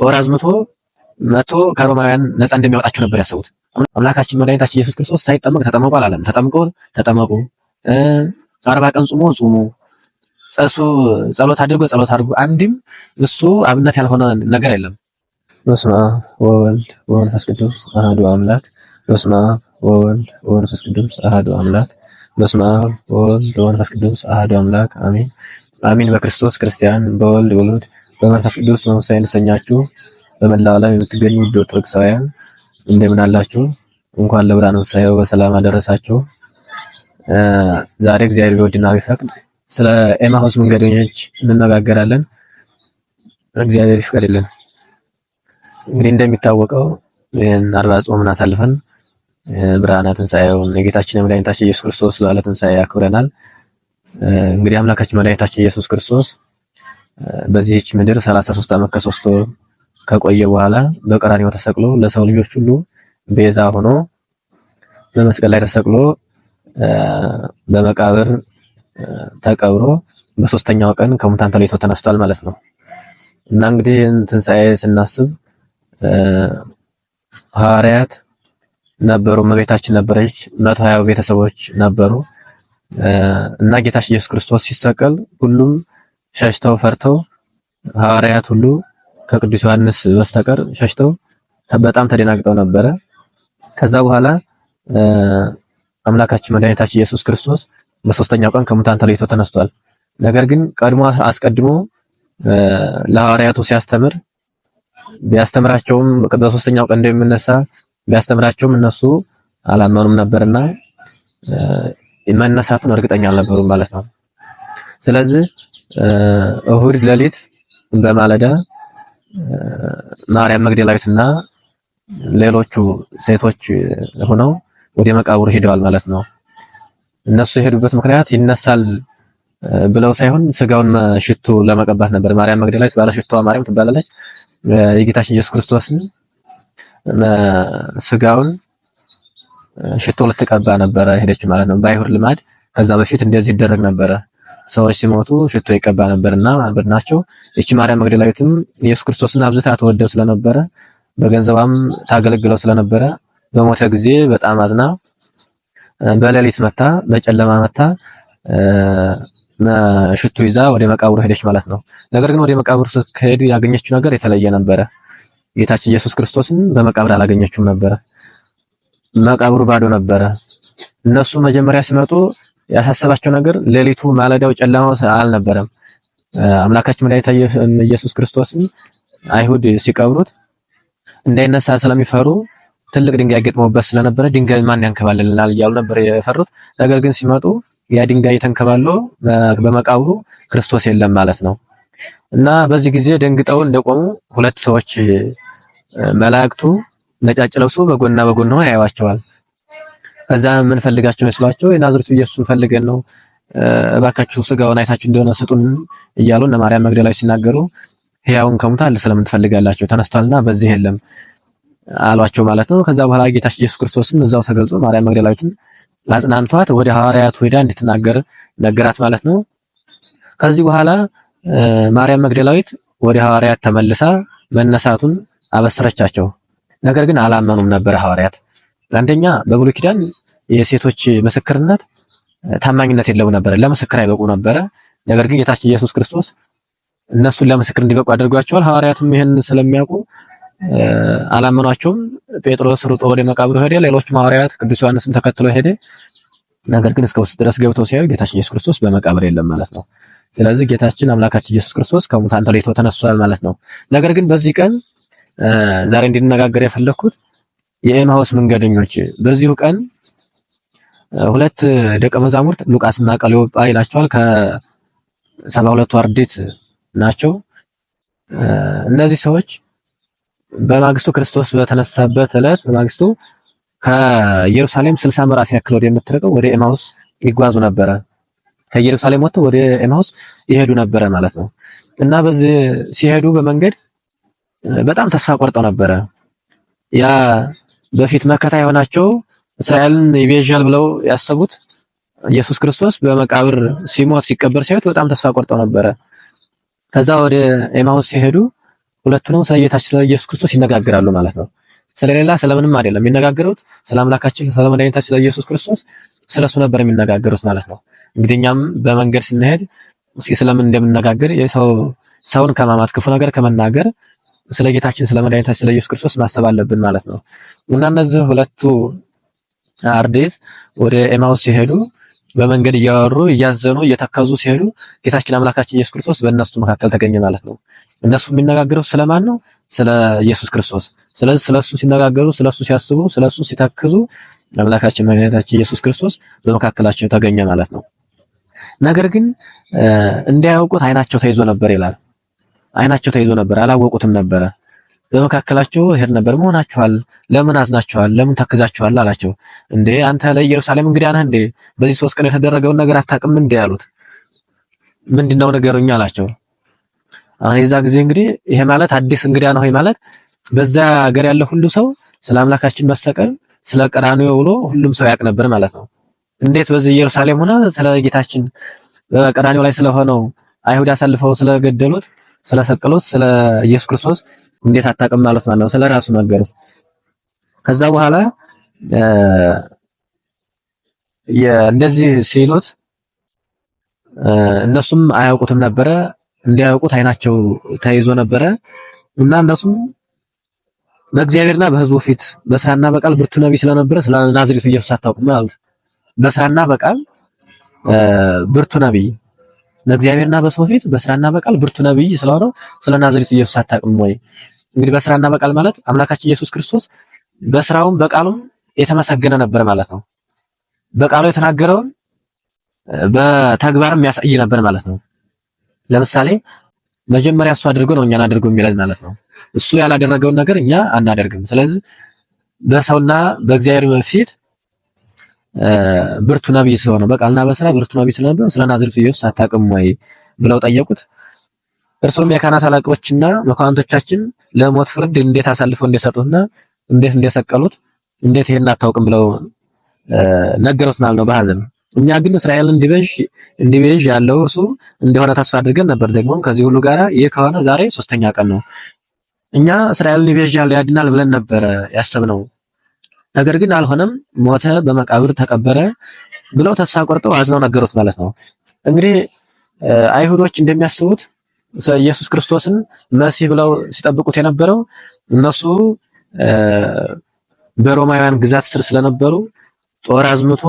ጦር አዝምቶ መቶ ከሮማውያን ነፃ እንደሚያወጣቸው ነበር ያሰቡት። አምላካችን መድኃኒታችን ኢየሱስ ክርስቶስ ሳይጠመቅ ተጠመቁ አላለም። ተጠምቆ ተጠመቁ፣ አርባ ቀን ጾሞ ጾሙ፣ ጸሱ ጸሎት አድርጎ ጸሎት አድርጎ፣ አንድም እሱ አብነት ያልሆነ ነገር የለም። በስመ አብ ወወልድ ወመንፈስ ቅዱስ አሐዱ አምላክ። በስመ አብ ወወልድ ወመንፈስ ቅዱስ አሐዱ አምላክ። በስመ አብ ወወልድ ወመንፈስ ቅዱስ አሐዱ አምላክ አሜን። አሜን በክርስቶስ ክርስቲያን በወልድ ውሉድ በመንፈስ ቅዱስ መንፈሳዊ የተሰኛችሁ በመላ ዓለም የምትገኙ ውድ ኦርቶዶክሳውያን እንደምን አላችሁ? እንኳን ለብርሃነ ትንሣኤው በሰላም አደረሳችሁ። ዛሬ እግዚአብሔር ቢወድና ቢፈቅድ ስለ ኤማሁስ መንገደኞች እንነጋገራለን። እግዚአብሔር ይፍቀድልን። እንግዲህ እንደሚታወቀው ይህን አርባ ጾምን አሳልፈን ብርሃነ ትንሣኤውን የጌታችን የመድኃኒታችን ኢየሱስ ክርስቶስ በዓለ ትንሣኤ ያክብረናል። እንግዲህ አምላካችን መድኃኒታችን ኢየሱስ ክርስቶስ በዚህች ምድር 33 ዓመት ከሶስት ወር ከቆየ በኋላ በቀራንዮ ተሰቅሎ ለሰው ልጆች ሁሉ ቤዛ ሆኖ በመስቀል ላይ ተሰቅሎ በመቃብር ተቀብሮ በሶስተኛው ቀን ከሙታን ተለይቶ ተነስቷል ማለት ነው። እና እንግዲህ ትንሣኤ ስናስብ ሐዋርያት ነበሩ፣ እመቤታችን ነበረች፣ መቶ ቤተሰቦች ነበሩ እና ጌታችን ኢየሱስ ክርስቶስ ሲሰቀል ሁሉም ሸሽተው ፈርተው ሐዋርያት ሁሉ ከቅዱስ ዮሐንስ በስተቀር ሸሽተው በጣም ተደናግጠው ነበረ። ከዛ በኋላ አምላካችን መድኃኒታችን ኢየሱስ ክርስቶስ በሶስተኛው ቀን ከሙታን ተለይቶ ተነስቷል። ነገር ግን ቀድሞ አስቀድሞ ለሐዋርያቱ ሲያስተምር ቢያስተምራቸውም በሶስተኛው ቀን እንደሚነሳ ቢያስተምራቸውም እነሱ አላመኑም ነበርና መነሳቱን እርግጠኛ አልነበሩም ማለት ነው። ስለዚህ እሁድ ሌሊት በማለዳ ማርያም መግደላዊትና ሌሎቹ ሴቶች ሆነው ወደ መቃብሩ ሄደዋል ማለት ነው። እነሱ የሄዱበት ምክንያት ይነሳል ብለው ሳይሆን ስጋውን ሽቱ ለመቀባት ነበር። ማርያም መግደላዊት ባለ ሽቷ ማርያም ትባላለች። የጌታችን ኢየሱስ ክርስቶስን ስጋውን ሽቶ ልትቀባ ነበረ ሄደች ማለት ነው፣ በአይሁድ ልማድ። ከዛ በፊት እንደዚህ ይደረግ ነበረ። ሰዎች ሲሞቱ ሽቶ ይቀባ ነበርና ብር ናቸው። ማርያም መግደላዊትም ኢየሱስ ክርስቶስን አብዝታ ተወደው ስለነበረ በገንዘቧም ታገለግለው ስለነበረ በሞተ ጊዜ በጣም አዝና በሌሊት መታ፣ በጨለማ መታ ሽቱ ይዛ ወደ መቃብሩ ሄደች ማለት ነው። ነገር ግን ወደ መቃብሩ ስትሄድ ያገኘችው ነገር የተለየ ነበረ። ጌታችን ኢየሱስ ክርስቶስን በመቃብር አላገኘችውም ነበረ። መቃብሩ ባዶ ነበረ። እነሱ መጀመሪያ ሲመጡ ያሳሰባቸው ነገር ሌሊቱ ማለዳው ጨለማ አልነበረም። አምላካችን መድኃኒታችን ኢየሱስ ክርስቶስም አይሁድ ሲቀብሩት እንዳይነሳ ስለሚፈሩ ትልቅ ድንጋይ ገጥሞበት ስለነበረ ድንጋይ ማን ያንከባልልናል እያሉ ነበር የፈሩት። ነገር ግን ሲመጡ ያ ድንጋይ ተንከባሎ በመቃብሩ ክርስቶስ የለም ማለት ነው እና በዚህ ጊዜ ደንግጠው እንደቆሙ ሁለት ሰዎች መላእክቱ ነጫጭ ለብሶ በጎንና በጎን ሆነው ያዩዋቸዋል። ከዛ ፈልጋችሁ መስሏቸው የናዝሬቱ ኢየሱስን ፈልገን ነው እባካችሁ ስጋውን አይታችሁ እንደሆነ ስጡን እያሉ እነ ማርያም መግደላዊ ሲናገሩ ሕያውን ከሙታን ስለምን ትፈልጋላችሁ? ተነስቷልና በዚህ የለም አሏቸው ማለት ነው። ከዛ በኋላ ጌታችን ኢየሱስ ክርስቶስም እዛው ተገልጾ ማርያም መግደላዊትን አጽናንቷት ወደ ሐዋርያቱ ሄዳ እንድትናገር ነገራት ማለት ነው። ከዚህ በኋላ ማርያም መግደላዊት ወደ ሐዋርያት ተመልሳ መነሳቱን አበስረቻቸው። ነገር ግን አላመኑም ነበር ሐዋርያት አንደኛ በብሉይ ኪዳን የሴቶች ምስክርነት ታማኝነት የለው ነበረ፣ ለምስክር አይበቁ ነበረ። ነገር ግን ጌታችን ኢየሱስ ክርስቶስ እነሱን ለምስክር እንዲበቁ አድርጓቸዋል። ሐዋርያትም ይህን ስለሚያውቁ አላመኗቸውም። ጴጥሮስ ሩጦ ወደ መቃብሩ ሄደ። ሌሎችም ሐዋርያት ቅዱስ ዮሐንስም ተከትሎ ሄደ። ነገር ግን እስከ ውስጥ ድረስ ገብተው ሲያዩ ጌታችን ኢየሱስ ክርስቶስ በመቃብር የለም ማለት ነው። ስለዚህ ጌታችን አምላካችን ኢየሱስ ክርስቶስ ከሙታን ተለይቶ ተነስቷል ማለት ነው። ነገር ግን በዚህ ቀን ዛሬ እንድንነጋገር የፈለኩት የኤማውስ መንገደኞች በዚሁ ቀን ሁለት ደቀ መዛሙርት ሉቃስና ቀለዮጳ ይላቸዋል ከሰባ ሁለቱ አርድእት ናቸው። እነዚህ ሰዎች በማግስቱ ክርስቶስ በተነሳበት ዕለት በማግስቱ ከኢየሩሳሌም 60 ምዕራፍ ያክል ወደ የምትርቀው ወደ ኤማውስ ይጓዙ ነበረ። ከኢየሩሳሌም ወጥተው ወደ ኤማውስ ይሄዱ ነበረ ማለት ነው እና በዚህ ሲሄዱ በመንገድ በጣም ተስፋ ቆርጠው ነበረ ያ በፊት መከታ የሆናቸው እስራኤልን ይቤዣል ብለው ያሰቡት ኢየሱስ ክርስቶስ በመቃብር ሲሞት ሲቀበር ሲያዩት በጣም ተስፋ ቆርጠው ነበረ። ከዛ ወደ ኤማሁስ ሲሄዱ ሁለቱ ነው ስለ ስለ ኢየሱስ ክርስቶስ ይነጋገራሉ ማለት ነው። ስለሌላ ስለምንም አይደለም የሚነጋገሩት ስለ አምላካችን ስለ መድኃኒታችን ስለ ኢየሱስ ክርስቶስ ስለሱ ነበር የሚነጋገሩት ማለት ነው። እንግዲህ እኛም በመንገድ ስንሄድ ስለምን እንደምንነጋገር የሰው ሰውን ከማማት ክፉ ነገር ከመናገር ስለ ጌታችን ስለ መድኃኒታችን ስለ ኢየሱስ ክርስቶስ ማሰብ አለብን ማለት ነው እና እነዚህ ሁለቱ አርድእት ወደ ኤማውስ ሲሄዱ በመንገድ እያወሩ እያዘኑ እየተከዙ ሲሄዱ ጌታችን አምላካችን ኢየሱስ ክርስቶስ በእነሱ መካከል ተገኘ ማለት ነው። እነሱ የሚነጋገረው ስለማን ነው? ስለ ኢየሱስ ክርስቶስ። ስለዚህ ስለሱ ሲነጋገሩ፣ ስለሱ ሲያስቡ፣ ስለሱ ሲተክዙ አምላካችን መድኃኒታችን ኢየሱስ ክርስቶስ በመካከላቸው ተገኘ ማለት ነው። ነገር ግን እንዳያውቁት አይናቸው ተይዞ ነበር ይላል። አይናቸው ተይዞ ነበር፣ አላወቁትም ነበረ። በመካከላቸው ይሄድ ነበር። መሆናችኋል ለምን አዝናችኋል? ለምን ታክዛችኋል? አላቸው። እንዴ አንተ ለኢየሩሳሌም እንግዳ ነህ እንዴ? በዚህ ሶስት ቀን የተደረገውን ነገር አታውቅም እንዴ? አሉት። ምንድነው ንገሩኝ አላቸው። አሁን የዛ ጊዜ እንግዲህ ይሄ ማለት አዲስ እንግዳ ነው ማለት በዛ ሀገር ያለ ሁሉ ሰው ስለ አምላካችን መሰቀል ስለ ቀራንዮ ብሎ ሁሉም ሰው ያውቅ ነበር ማለት ነው። እንዴት በዚህ ኢየሩሳሌም ሆነ ስለ ጌታችን በቀራንዮ ላይ ስለሆነው አይሁድ አሳልፈው ስለገደሉት ስለ ስለ ኢየሱስ ክርስቶስ እንዴት አታውቅም ማለት ነው። ስለ ራሱ ነገሩት። ከዛ በኋላ እንደዚህ ሲሉት እነሱም አያውቁትም ነበረ። እንዲያውቁት አይናቸው ተይዞ ነበረ እና እነሱም በእግዚአብሔርና በሕዝቡ ፊት በስራና በቃል ብርቱ ነቢይ ስለነበረ ስለ ናዝሬቱ ኢየሱስ አታውቅም አሉት። በስራና በቃል ብርቱ ነቢይ በእግዚአብሔርና በሰው ፊት በስራና በቃል ብርቱ ነብይ ስለሆነው ስለ ናዝሬቱ ኢየሱስ አታውቅም ወይ? እንግዲህ በስራና በቃል ማለት አምላካችን ኢየሱስ ክርስቶስ በስራውም በቃሉም የተመሰገነ ነበር ማለት ነው። በቃሉ የተናገረውን በተግባርም ያሳይ ነበር ማለት ነው። ለምሳሌ መጀመሪያ እሱ አድርጎ ነው እኛን አድርጎ የሚለን ማለት ነው። እሱ ያላደረገውን ነገር እኛ አናደርግም። ስለዚህ በሰውና በእግዚአብሔር ፊት ብርቱ ነብይ ስለሆነ በቃልና በስራ ብርቱ ነብይ ስለነበረ ስለ ናዝሬቱ ኢየሱስ አታውቅም ወይ ብለው ጠየቁት። እርሱም የካህናት አለቆችና መኳንቶቻችን ለሞት ፍርድ እንዴት አሳልፈው እንደሰጡትና እንዴት እንደሰቀሉት እንዴት ይሄን አታውቅም ብለው ነገሩት ማለት ነው በሐዘን እኛ ግን እስራኤል እንዲቤዥ እንዲቤዥ ያለው እርሱ እንደሆነ ተስፋ አድርገን ነበር። ደግሞ ከዚህ ሁሉ ጋራ ይህ ከሆነ ዛሬ ሶስተኛ ቀን ነው። እኛ እስራኤልን ይቤዥ ያለው ያድናል ብለን ነበር ያሰብነው። ነገር ግን አልሆነም፣ ሞተ፣ በመቃብር ተቀበረ ብለው ተስፋ ቆርጠው አዝነው ነገሩት ማለት ነው። እንግዲህ አይሁዶች እንደሚያስቡት ኢየሱስ ክርስቶስን መሲህ ብለው ሲጠብቁት የነበረው እነሱ በሮማውያን ግዛት ስር ስለነበሩ ጦር አዝምቶ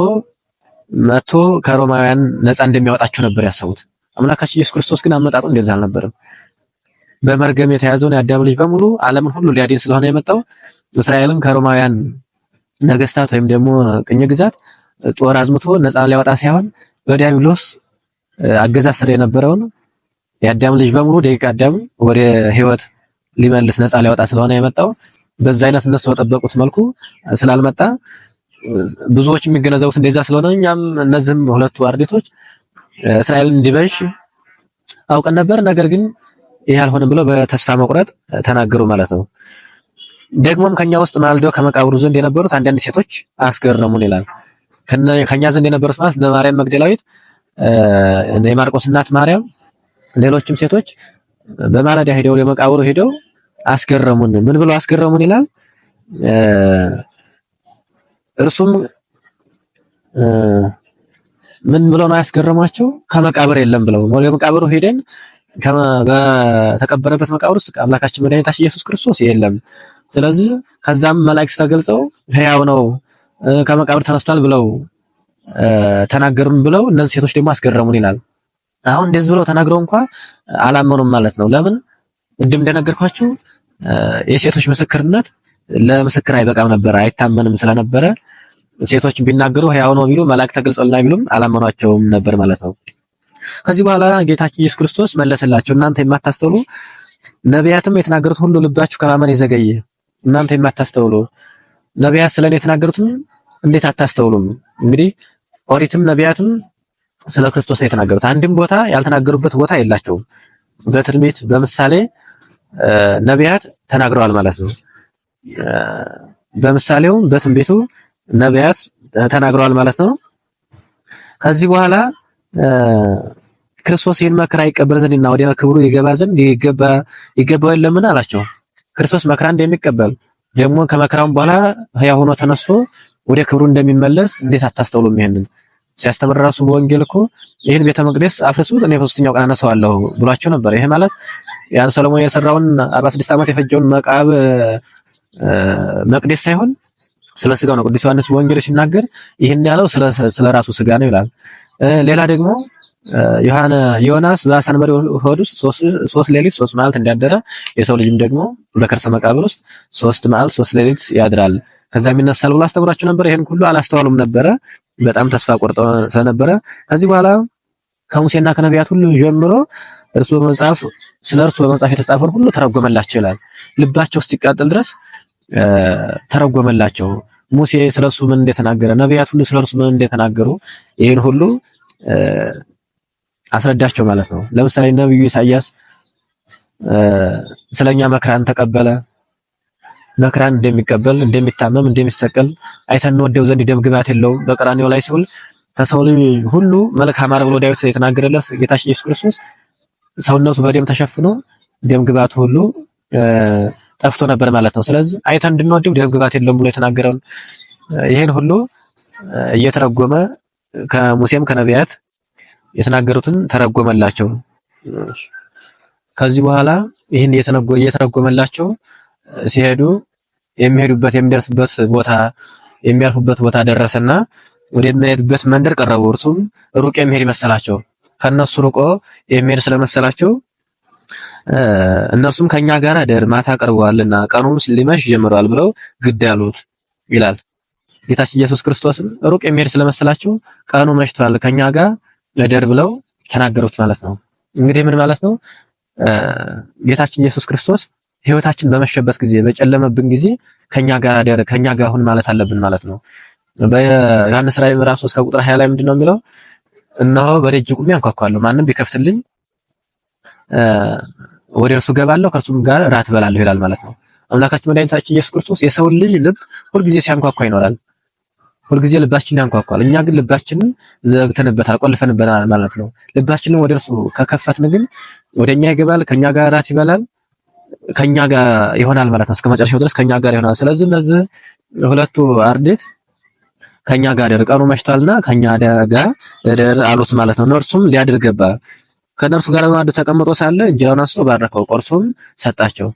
መጥቶ ከሮማውያን ነፃ እንደሚያወጣቸው ነበር ያሰቡት። አምላካችን ኢየሱስ ክርስቶስ ግን አመጣጡ እንደዛ አልነበረም። በመርገም የተያዘውን የአዳም ልጅ በሙሉ ዓለምን ሁሉ ሊያድን ስለሆነ የመጣው እስራኤልን ከሮማውያን ነገስታት ወይም ደግሞ ቅኝ ግዛት ጦር አዝምቶ ነፃ ሊያወጣ ሳይሆን በዲያብሎስ አገዛዝ ስር የነበረውን የአዳም ልጅ በሙሉ ደቂቅ አዳም ወደ ህይወት ሊመልስ ነፃ ሊያወጣ ስለሆነ የመጣው በዛ አይነት እነሱ በጠበቁት መልኩ ስላልመጣ ብዙዎች የሚገነዘቡት እንደዛ ስለሆነ እኛም እነዚህም ሁለቱ አርድእቶች እስራኤልን እንዲበሽ አውቀን ነበር። ነገር ግን ይህ አልሆንም ብለው በተስፋ መቁረጥ ተናገሩ ማለት ነው። ደግሞም ከኛ ውስጥ ማልደው ከመቃብሩ ዘንድ የነበሩት አንዳንድ ሴቶች አስገረሙን ይላል። ከኛ ዘንድ የነበሩት ማለት ማርያም መግደላዊት፣ የማርቆስ እናት ማርያም፣ ሌሎችም ሴቶች በማለዳ ሄደው ለመቃብሩ ሄደው አስገረሙን። ምን ብለው አስገረሙን ይላል። እርሱም ምን ብለው ነው ያስገረማቸው? ከመቃብር የለም ብለው ለመቃብሩ ሄደን በተቀበረበት መቃብር ውስጥ አምላካችን መድኃኒታችን ኢየሱስ ክርስቶስ የለም ስለዚህ ከዛም መላእክት ተገልጸው ህያው ነው ከመቃብር ተነስቷል ብለው ተናገሩን ብለው እነዚህ ሴቶች ደግሞ አስገረሙን ይላል። አሁን እንደዚህ ብለው ተናግረው እንኳ አላመኑም ማለት ነው። ለምን ቅድም እንደነገርኳችሁ የሴቶች ምስክርነት ለምስክር አይበቃም ነበረ፣ አይታመንም ስለነበረ ሴቶች ቢናገሩ ህያው ነው ቢሉ መላእክት ተገልጸውልና ቢሉም አላመኗቸውም ነበር ማለት ነው። ከዚህ በኋላ ጌታችን ኢየሱስ ክርስቶስ መለሰላቸው፣ እናንተ የማታስተውሉ ነቢያትም የተናገሩት ሁሉ ልባችሁ ከማመን የዘገየ እናንተ የማታስተውሉ ነቢያት ስለኔ የተናገሩት የተናገሩትን እንዴት አታስተውሉም? እንግዲህ ኦሪትም ነቢያትም ስለ ክርስቶስ የተናገሩት። አንድም ቦታ ያልተናገሩበት ቦታ የላቸውም። በትንቢት በምሳሌ ነቢያት ተናግረዋል ማለት ነው። በምሳሌውም በትንቢቱ ነቢያት ተናግረዋል ማለት ነው። ከዚህ በኋላ ክርስቶስ ይህን መከራ ይቀበል ዘንድና ወዲያ ክብሩ ይገባ ዘንድ ይገባ ይገባው የለምን አላቸው። ክርስቶስ መከራ እንደሚቀበል ደግሞ ከመከራም በኋላ ህያው ሆኖ ተነስቶ ወደ ክብሩ እንደሚመለስ እንዴት አታስተውሉም? ይሄንን ሲያስተምር ራሱ በወንጌል እኮ ይህን ቤተ መቅደስ አፍርሱት እኔ በሶስተኛው ቀን አነሳዋለሁ ብሏቸው ነበር። ይሄ ማለት ያን ሰለሞን የሰራውን 46 ዓመት የፈጀውን መቃብ መቅደስ ሳይሆን ስለ ስጋው ነው። ቅዱስ ዮሐንስ በወንጌል ሲናገር ይህን ያለው ስለ ራሱ ስጋ ነው ይላል። ሌላ ደግሞ ዮናስ በአሳ አንበሪ ሆድ ውስጥ ሶስት ሌሊት ሶስት መዓልት እንዳደረ የሰው ልጅም ደግሞ በከርሰ መቃብር ውስጥ ሶስት መዓልት ሶስት ሌሊት ያድራል ከዛም ይነሳል ብሎ አስተምራቸው ነበር። ይሄን ሁሉ አላስተዋሉም ነበረ። በጣም ተስፋ ቆርጠው ስለነበረ ከዚህ በኋላ ከሙሴና ከነቢያት ሁሉ ጀምሮ እርሱ በመጽሐፍ ስለ እርሱ በመጽሐፍ የተጻፈውን ሁሉ ተረጎመላቸው ይላል። ልባቸው እስኪቃጠል ድረስ ተረጎመላቸው። ሙሴ ስለ እርሱ ምን እንደተናገረ፣ ነቢያት ሁሉ ስለ እርሱ ምን እንደተናገሩ ይህን ሁሉ አስረዳቸው ማለት ነው። ለምሳሌ ነብዩ ኢሳያስ ስለኛ መከራን ተቀበለ። መከራን እንደሚቀበል እንደሚታመም፣ እንደሚሰቀል አይተን ወደው ዘንድ ደም ግባት የለውም። በቀራኒው ላይ ሲውል ከሰው ልጅ ሁሉ መልካም አለ ብሎ ዳዊት የተናገረለት ጌታችን ኢየሱስ ክርስቶስ ሰውነቱ በደም ተሸፍኖ ደም ግባት ሁሉ ጠፍቶ ነበር ማለት ነው። ስለዚህ አይተን እንድንወደው ደም ግባት የለውም ብሎ የተናገረውን ይህን ሁሉ እየተረጎመ ከሙሴም ከነቢያት የተናገሩትን ተረጎመላቸው። ከዚህ በኋላ ይህን እየተረጎመላቸው ሲሄዱ የሚሄዱበት የሚደርሱበት ቦታ የሚያልፉበት ቦታ ደረሰና ወደሚሄዱበት መንደር ቀረቡ። እርሱም ሩቅ የሚሄድ መሰላቸው። ከነሱ ሩቆ የሚሄድ ስለመሰላቸው እነርሱም ከኛ ጋር ደር ማታ ቀርበዋልና ቀኑም ሊመሽ ጀምሯል ብለው ግድ አሉት ይላል። ጌታችን ኢየሱስ ክርስቶስም ሩቅ የሚሄድ ስለመሰላቸው ቀኑ መሽቷል ከኛ ጋር ለደር ብለው ተናገሩት ማለት ነው። እንግዲህ ምን ማለት ነው? ጌታችን ኢየሱስ ክርስቶስ ህይወታችን በመሸበት ጊዜ፣ በጨለመብን ጊዜ ከኛ ጋር ደር ከኛ ጋር አሁን ማለት አለብን ማለት ነው። በዮሐንስ ራዕይ ምዕራፍ 3 ከቁጥር 20 ላይ ምንድነው የሚለው? እነሆ በደጅ ቆሜ አንኳኳለሁ፣ ማንም ቢከፍትልኝ ወደ እርሱ ገባለሁ፣ ከእርሱም ጋር ራት እበላለሁ ይላል ማለት ነው። አምላካችን መድኃኒታችን ኢየሱስ ክርስቶስ የሰውን ልጅ ልብ ሁልጊዜ ሲያንኳኳ ይኖራል። ሁልጊዜ ልባችን ያንኳኳል። እኛ ግን ልባችንን ዘግተንበታል፣ ቆልፈንበታል ማለት ነው። ልባችንን ወደ እርሱ ከከፈትን ግን ወደ እኛ ይገባል፣ ከእኛ ጋር ራት ይበላል፣ ከእኛ ጋር ይሆናል ማለት ነው። እስከ መጨረሻው ድረስ ከእኛ ጋር ይሆናል። ስለዚህ እነዚህ ሁለቱ አርድእት ከእኛ ጋር ደር ቀኑ መሽቷልና ከእኛ ጋር ደር አሉት ማለት ነው። እነርሱም ሊያድር ገባ። ከእነርሱ ጋር በማዕዱ ተቀምጦ ሳለ እንጀራውን አንስቶ ባረከው፣ ቆርሶም ሰጣቸው።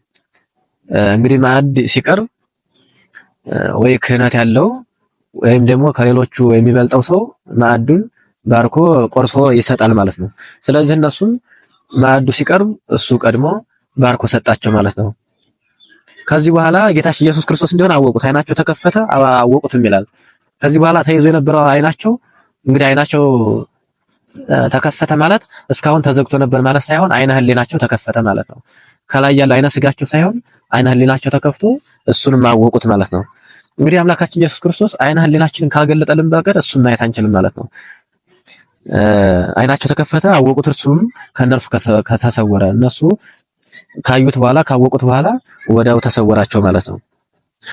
እንግዲህ ማዕድ ሲቀርብ ወይ ክህነት ያለው ወይም ደግሞ ከሌሎቹ የሚበልጠው ሰው ማዕዱን ባርኮ ቆርሶ ይሰጣል ማለት ነው። ስለዚህ እነሱም ማዕዱ ሲቀርብ እሱ ቀድሞ ባርኮ ሰጣቸው ማለት ነው። ከዚህ በኋላ ጌታችን ኢየሱስ ክርስቶስ እንደሆነ አወቁት፣ አይናቸው ተከፈተ፣ አወቁትም ይላል። ከዚህ በኋላ ተይዞ የነበረው አይናቸው እንግዲህ አይናቸው ተከፈተ ማለት እስካሁን ተዘግቶ ነበር ማለት ሳይሆን አይነ ህሊናቸው ተከፈተ ማለት ነው። ከላይ ያለ አይነ ስጋቸው ሳይሆን አይነ ህሊናቸው ተከፍቶ እሱንም አወቁት ማለት ነው። እንግዲህ አምላካችን ኢየሱስ ክርስቶስ አይነ ህሊናችንን ካገለጠልን በቀር እሱን ማየት አንችልም ማለት ነው። አይናቸው ተከፈተ አወቁት፣ እርሱም ከነርሱ ከተሰወረ። እነሱ ካዩት በኋላ ካወቁት በኋላ ወዲያው ተሰወራቸው ማለት ነው።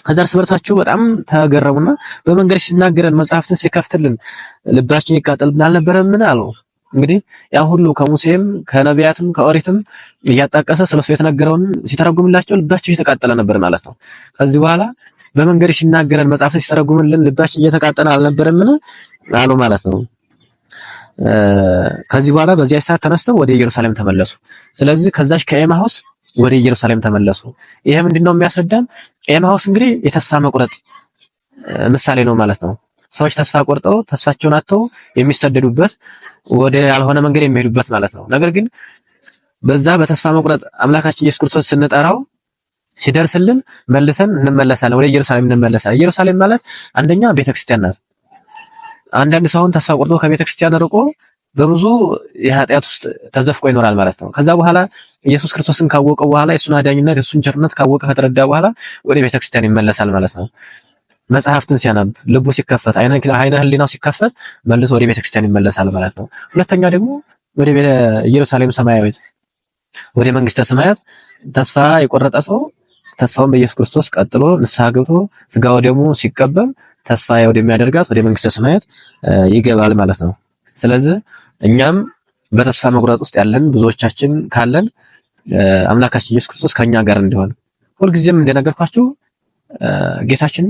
ከዛ እርስ በርሳቸው በጣም ተገረሙና በመንገድ ሲናገረን መጽሐፍትን ሲከፍትልን ልባችን ይቃጠልብን ምን አለው? እንግዲህ ያ ሁሉ ከሙሴም ከነቢያትም ከኦሪትም እያጣቀሰ ስለሱ የተነገረውን ሲተረጉምላቸው ልባቸው እየተቃጠለ ነበር ማለት ነው። ከዚህ በኋላ በመንገድ ሲናገረን መጽሐፍ ሲተረጉምልን ልባችን እየተቃጠለ አልነበረምን? አሉ ማለት ነው። ከዚህ በኋላ በዚያ ሰዓት ተነስተው ወደ ኢየሩሳሌም ተመለሱ። ስለዚህ ከዛች ከኤማሁስ ወደ ኢየሩሳሌም ተመለሱ። ይሄ ምንድነው የሚያስረዳን? ኤማሁስ እንግዲህ የተስፋ መቁረጥ ምሳሌ ነው ማለት ነው። ሰዎች ተስፋ ቆርጠው ተስፋቸውን አጥተው የሚሰደዱበት ወደ ያልሆነ መንገድ የሚሄዱበት ማለት ነው። ነገር ግን በዛ በተስፋ መቁረጥ አምላካችን ኢየሱስ ክርስቶስ ስንጠራው ሲደርስልን መልሰን እንመለሳለን፣ ወደ ኢየሩሳሌም እንመለሳለን። ኢየሩሳሌም ማለት አንደኛ ቤተክርስቲያን ናት። አንዳንድ ሰው አሁን ተስፋ ቆርጦ ከቤተክርስቲያን ርቆ በብዙ የኃጢአት ውስጥ ተዘፍቆ ይኖራል ማለት ነው። ከዛ በኋላ ኢየሱስ ክርስቶስን ካወቀ በኋላ የሱን አዳኝነት የሱን ቸርነት ካወቀ ከተረዳ በኋላ ወደ ቤተክርስቲያን ይመለሳል ማለት ነው። መጽሐፍትን ሲያነብ ልቡ ሲከፈት፣ አይነ ህሊናው ሲከፈት መልሶ ወደ ቤተክርስቲያን ይመለሳል ማለት ነው። ሁለተኛ ደግሞ ወደ ኢየሩሳሌም ሰማያዊት ወደ መንግስተ ሰማያት ተስፋ የቆረጠ ሰው ተስፋውን በኢየሱስ ክርስቶስ ቀጥሎ ንስሐ ገብቶ ስጋው ደግሞ ሲቀበል ተስፋ ወደሚያደርጋት ወደ መንግስተ ሰማያት ይገባል ማለት ነው። ስለዚህ እኛም በተስፋ መቁረጥ ውስጥ ያለን ብዙዎቻችን ካለን አምላካችን ኢየሱስ ክርስቶስ ከኛ ጋር እንደሆነ ሁልጊዜም እንደነገርኳችሁ ጌታችን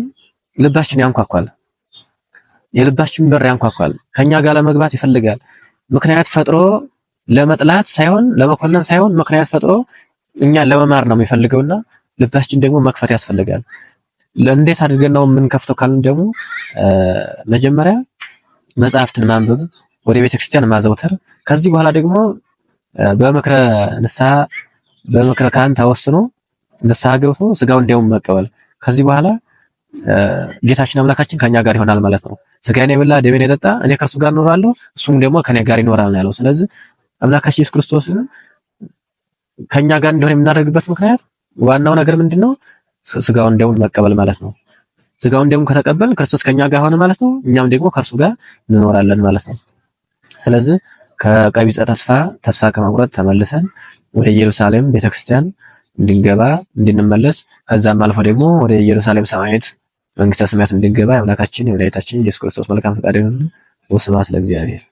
ልባችን ያንኳኳል፣ የልባችን በር ያንኳኳል። ከኛ ጋር ለመግባት ይፈልጋል። ምክንያት ፈጥሮ ለመጥላት ሳይሆን ለመኮነን ሳይሆን ምክንያት ፈጥሮ እኛ ለመማር ነው የሚፈልገውና ልባችን ደግሞ መክፈት ያስፈልጋል። እንዴት አድርገን ነው የምንከፍተው ካልን ደግሞ መጀመሪያ መጽሐፍትን ማንበብ፣ ወደ ቤተክርስቲያን ማዘውተር፣ ከዚህ በኋላ ደግሞ በምክረ ንስሐ በምክረ ካህን ተወስኖ ንስሐ ገብቶ ስጋውን እንዲያውም መቀበል ከዚህ በኋላ ጌታችን አምላካችን ከኛ ጋር ይሆናል ማለት ነው። ስጋዬን የበላ ደሜን የጠጣ እኔ ከእርሱ ጋር እኖራለሁ እሱም ደግሞ ከኔ ጋር ይኖራል ያለው። ስለዚህ አምላካችን ኢየሱስ ክርስቶስን ከኛ ጋር እንደሆነ የምናደርግበት ምክንያት ዋናው ነገር ምንድነው? ስጋውን ደሙን መቀበል ማለት ነው። ስጋውን ደሙን ከተቀበል ክርስቶስ ከኛ ጋር ሆነ ማለት ነው። እኛም ደግሞ ከእርሱ ጋር እንኖራለን ማለት ነው። ስለዚህ ከቀቢጸ ተስፋ ተስፋ ከመቁረጥ ተመልሰን ወደ ኢየሩሳሌም ቤተክርስቲያን እንድንገባ እንድንመለስ ከዛም አልፎ ደግሞ ወደ ኢየሩሳሌም ሰማያዊት መንግስተ ሰማያት እንድንገባ የአምላካችን የወላዲታችን ኢየሱስ ክርስቶስ መልካም ፈቃድ ይሁን። ወስብሐት ለእግዚአብሔር።